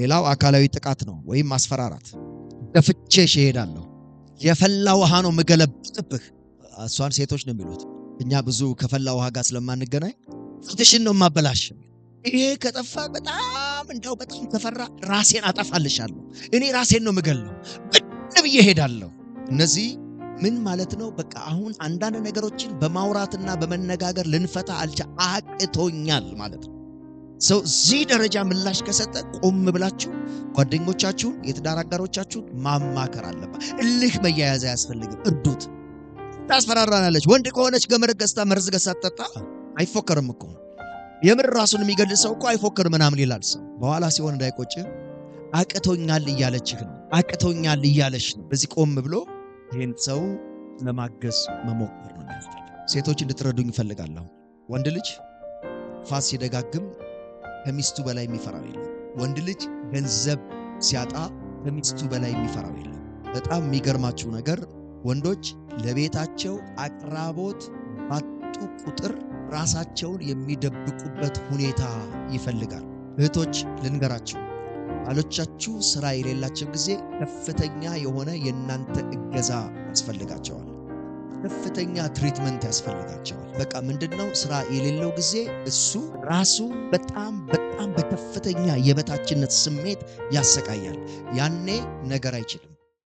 ሌላው አካላዊ ጥቃት ነው፣ ወይም ማስፈራራት። ደፍቼሽ እሄዳለሁ፣ የፈላ ውሃ ነው ምገለብጥብህ። እሷን ሴቶች ነው የሚሉት። እኛ ብዙ ከፈላ ውሃ ጋር ስለማንገናኝ ፊትሽን ነው ማበላሽ። ይሄ ከጠፋ በጣም እንደው በጣም ከፈራ ራሴን አጠፋልሻለሁ፣ እኔ ራሴን ነው ምገለው፣ ብድብ እሄዳለሁ። እነዚህ ምን ማለት ነው? በቃ አሁን አንዳንድ ነገሮችን በማውራትና በመነጋገር ልንፈታ አልቻ አቅቶኛል ማለት ነው። ሰው እዚህ ደረጃ ምላሽ ከሰጠ ቆም ብላችሁ ጓደኞቻችሁን፣ የትዳር አጋሮቻችሁን ማማከር አለባ። እልህ መያያዝ አያስፈልግም። እርዱት። ታስፈራራናለች። ወንድ ከሆነች ገመድ ገዝታ መርዝ ገዝታ ጠጣ። አይፎከርም እኮ የምር ራሱን የሚገል ሰው እኮ አይፎክር ምናምን ይላል ሰው። በኋላ ሲሆን እንዳይቆጭ አቅቶኛል እያለችህ ነው፣ አቅቶኛል እያለች ነው። በዚህ ቆም ብሎ ይህን ሰው ለማገዝ መሞከር ነው። ሴቶች እንድትረዱኝ እፈልጋለሁ። ወንድ ልጅ ፋስ ሲደጋግም ከሚስቱ በላይ የሚፈራው የለም። ወንድ ልጅ ገንዘብ ሲያጣ ከሚስቱ በላይ የሚፈራው የለም። በጣም የሚገርማችሁ ነገር ወንዶች ለቤታቸው አቅራቦት ባጡ ቁጥር ራሳቸውን የሚደብቁበት ሁኔታ ይፈልጋል። እህቶች ልንገራችሁ፣ ባሎቻችሁ ስራ የሌላቸው ጊዜ ከፍተኛ የሆነ የእናንተ እገዛ ያስፈልጋቸዋል። ከፍተኛ ትሪትመንት ያስፈልጋቸዋል። በቃ ምንድን ነው ስራ የሌለው ጊዜ እሱ ራሱ በጣም በጣም በከፍተኛ የበታችነት ስሜት ያሰቃያል። ያኔ ነገር አይችልም።